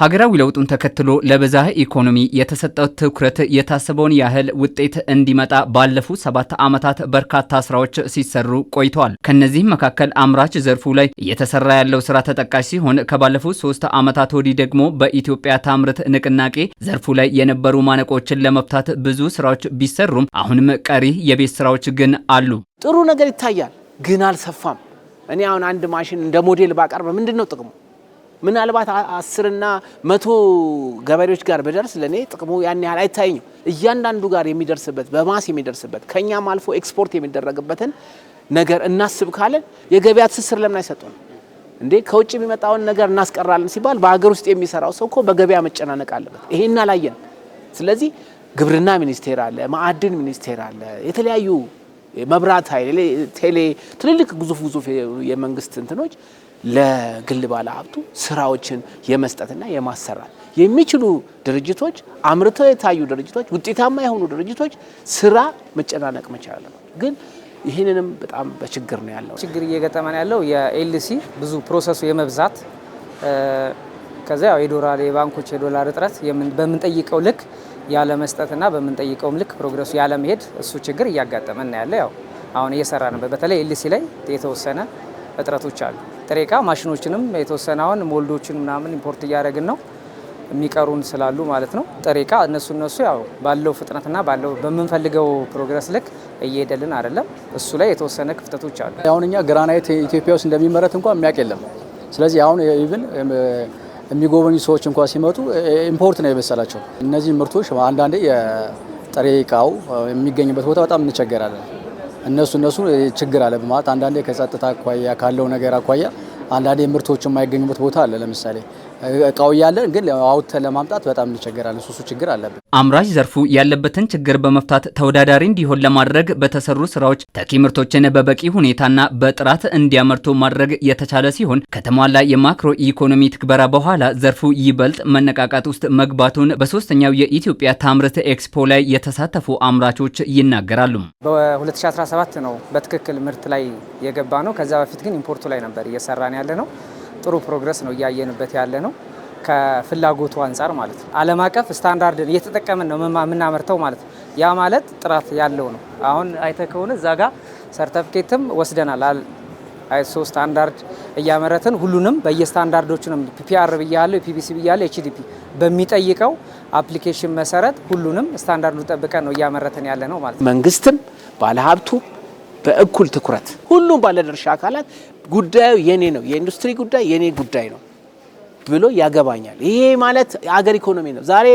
ሀገራዊ ለውጡን ተከትሎ ለብዝሃ ኢኮኖሚ የተሰጠው ትኩረት የታሰበውን ያህል ውጤት እንዲመጣ ባለፉት ሰባት ዓመታት በርካታ ስራዎች ሲሰሩ ቆይተዋል። ከነዚህም መካከል አምራች ዘርፉ ላይ እየተሰራ ያለው ስራ ተጠቃሽ ሲሆን ከባለፉት ሶስት ዓመታት ወዲህ ደግሞ በኢትዮጵያ ታምርት ንቅናቄ ዘርፉ ላይ የነበሩ ማነቆችን ለመፍታት ብዙ ስራዎች ቢሰሩም አሁንም ቀሪ የቤት ስራዎች ግን አሉ። ጥሩ ነገር ይታያል፣ ግን አልሰፋም። እኔ አሁን አንድ ማሽን እንደ ሞዴል ባቀርበ ምንድን ነው ጥቅሙ? ምናልባት አስርና መቶ ገበሬዎች ጋር በደርስ ለእኔ ጥቅሙ ያን ያህል አይታይኝም። እያንዳንዱ ጋር የሚደርስበት በማስ የሚደርስበት ከእኛም አልፎ ኤክስፖርት የሚደረግበትን ነገር እናስብ ካለን የገበያ ትስስር ለምን አይሰጡን እንዴ? ከውጭ የሚመጣውን ነገር እናስቀራለን ሲባል በሀገር ውስጥ የሚሰራው ሰው እኮ በገበያ መጨናነቅ አለበት። ይሄን አላየን። ስለዚህ ግብርና ሚኒስቴር አለ፣ ማዕድን ሚኒስቴር አለ፣ የተለያዩ መብራት ኃይል፣ ቴሌ፣ ትልልቅ ግዙፍ ግዙፍ የመንግስት እንትኖች ለግል ባለ ሀብቱ ስራዎችን የመስጠትና የማሰራት የሚችሉ ድርጅቶች አምርተው የታዩ ድርጅቶች፣ ውጤታማ የሆኑ ድርጅቶች ስራ መጨናነቅ መቻል ግን ይህንንም በጣም በችግር ነው ያለው ችግር እየገጠመን ያለው የኤልሲ ብዙ ፕሮሰሱ የመብዛት ከዚያ የዶላር የባንኮች የዶላር እጥረት በምንጠይቀው ልክ ያለመስጠትና በምንጠይቀውም ልክ ፕሮግረሱ ያለመሄድ እሱ ችግር እያጋጠመ እናያለ። ያው አሁን እየሰራ ነበር። በተለይ ኤልሲ ላይ የተወሰነ እጥረቶች አሉ። ጥሬ እቃ ማሽኖችንም አሁን ሞልዶችን ምናምን ኢምፖርት እያደረግን ነው የሚቀሩን ስላሉ ማለት ነው። ጥሬ እቃ እነሱ እነሱ ያው ባለው ፍጥነትና ባለው በምንፈልገው ፕሮግረስ ልክ እየሄደልን አይደለም። እሱ ላይ የተወሰነ ክፍተቶች አሉ። አሁን እኛ ግራናይት ኢትዮጵያ ውስጥ እንደሚመረት እንኳን የሚያውቅ የለም። ስለዚህ አሁን ኢቭን የሚጎበኙ ሰዎች እንኳ ሲመጡ ኢምፖርት ነው የመሰላቸው። እነዚህ ምርቶች አንዳንዴ የጥሬ እቃው የሚገኝበት ቦታ በጣም እንቸገራለን። እነሱ እነሱ ችግር አለ ማለት አንዳንዴ ከጸጥታ አኳያ ካለው ነገር አኳያ አንዳንዴ ምርቶች የማይገኙበት ቦታ አለ። ለምሳሌ እቃው እያለን ግን አውጥተን ለማምጣት በጣም እንቸገራለን። ሱሱ ችግር አለብን። አምራች ዘርፉ ያለበትን ችግር በመፍታት ተወዳዳሪ እንዲሆን ለማድረግ በተሰሩ ስራዎች ተኪ ምርቶችን በበቂ ሁኔታና በጥራት እንዲያመርቱ ማድረግ የተቻለ ሲሆን ከተሟላ የማክሮ ኢኮኖሚ ትግበራ በኋላ ዘርፉ ይበልጥ መነቃቃት ውስጥ መግባቱን በሶስተኛው የኢትዮጵያ ታምርት ኤክስፖ ላይ የተሳተፉ አምራቾች ይናገራሉ። በ2017 ነው በትክክል ምርት ላይ የገባ ነው። ከዛ በፊት ግን ኢምፖርቱ ላይ ነበር እየሰራን ያለ ነው። ጥሩ ፕሮግረስ ነው እያየንበት ያለ ነው። ከፍላጎቱ አንጻር ማለት ነው። ዓለም አቀፍ ስታንዳርድን እየተጠቀምን ነው የምናመርተው ማለት ነው። ያ ማለት ጥራት ያለው ነው። አሁን አይተ ከሆነ እዛ ጋ ሰርተፍኬትም ወስደናል። አይሶ ስታንዳርድ እያመረትን ሁሉንም ነው ፒፒአር ብያለሁ፣ ፒቢሲ ብያለሁ፣ ኤችዲፒ በሚጠይቀው አፕሊኬሽን መሰረት ሁሉንም ስታንዳርዱ ጠብቀን ነው እያመረትን ያለ ነው ማለት ነው። መንግስትም ባለሀብቱ በእኩል ትኩረት ሁሉም ባለድርሻ አካላት ጉዳዩ የኔ ነው፣ የኢንዱስትሪ ጉዳይ የኔ ጉዳይ ነው ብሎ ያገባኛል። ይሄ ማለት አገር ኢኮኖሚ ነው። ዛሬ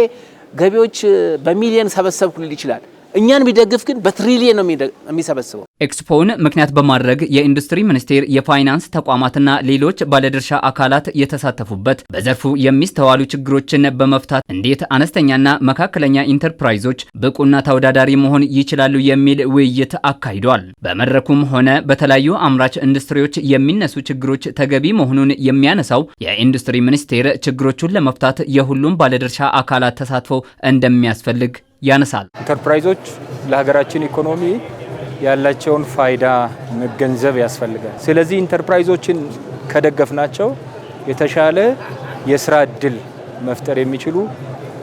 ገቢዎች በሚሊየን ሰበሰብኩ ሊል ይችላል። እኛን ቢደግፍ ግን በትሪሊየን ነው የሚሰበስበው። ኤክስፖውን ምክንያት በማድረግ የኢንዱስትሪ ሚኒስቴር፣ የፋይናንስ ተቋማትና ሌሎች ባለድርሻ አካላት የተሳተፉበት በዘርፉ የሚስተዋሉ ችግሮችን በመፍታት እንዴት አነስተኛና መካከለኛ ኢንተርፕራይዞች ብቁና ተወዳዳሪ መሆን ይችላሉ የሚል ውይይት አካሂዷል። በመድረኩም ሆነ በተለያዩ አምራች ኢንዱስትሪዎች የሚነሱ ችግሮች ተገቢ መሆኑን የሚያነሳው የኢንዱስትሪ ሚኒስቴር ችግሮቹን ለመፍታት የሁሉም ባለድርሻ አካላት ተሳትፎ እንደሚያስፈልግ ያነሳል። ኢንተርፕራይዞች ለሀገራችን ኢኮኖሚ ያላቸውን ፋይዳ መገንዘብ ያስፈልጋል። ስለዚህ ኢንተርፕራይዞችን ከደገፍናቸው የተሻለ የስራ እድል መፍጠር የሚችሉ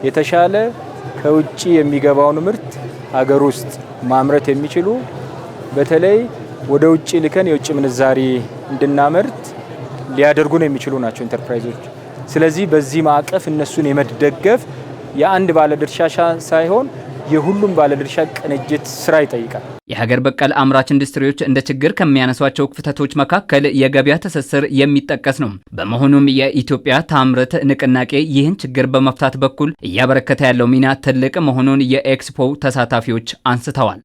የተሻለ ከውጭ የሚገባውን ምርት ሀገር ውስጥ ማምረት የሚችሉ በተለይ ወደ ውጭ ልከን የውጭ ምንዛሪ እንድናመርት ሊያደርጉን የሚችሉ ናቸው ኢንተርፕራይዞች። ስለዚህ በዚህ ማዕቀፍ እነሱን የመደገፍ የአንድ ባለድርሻ ሳይሆን የሁሉም ባለድርሻ ቅንጅት ስራ ይጠይቃል። የሀገር በቀል አምራች ኢንዱስትሪዎች እንደ ችግር ከሚያነሷቸው ክፍተቶች መካከል የገበያ ትስስር የሚጠቀስ ነው። በመሆኑም የኢትዮጵያ ታምርት ንቅናቄ ይህን ችግር በመፍታት በኩል እያበረከተ ያለው ሚና ትልቅ መሆኑን የኤክስፖ ተሳታፊዎች አንስተዋል።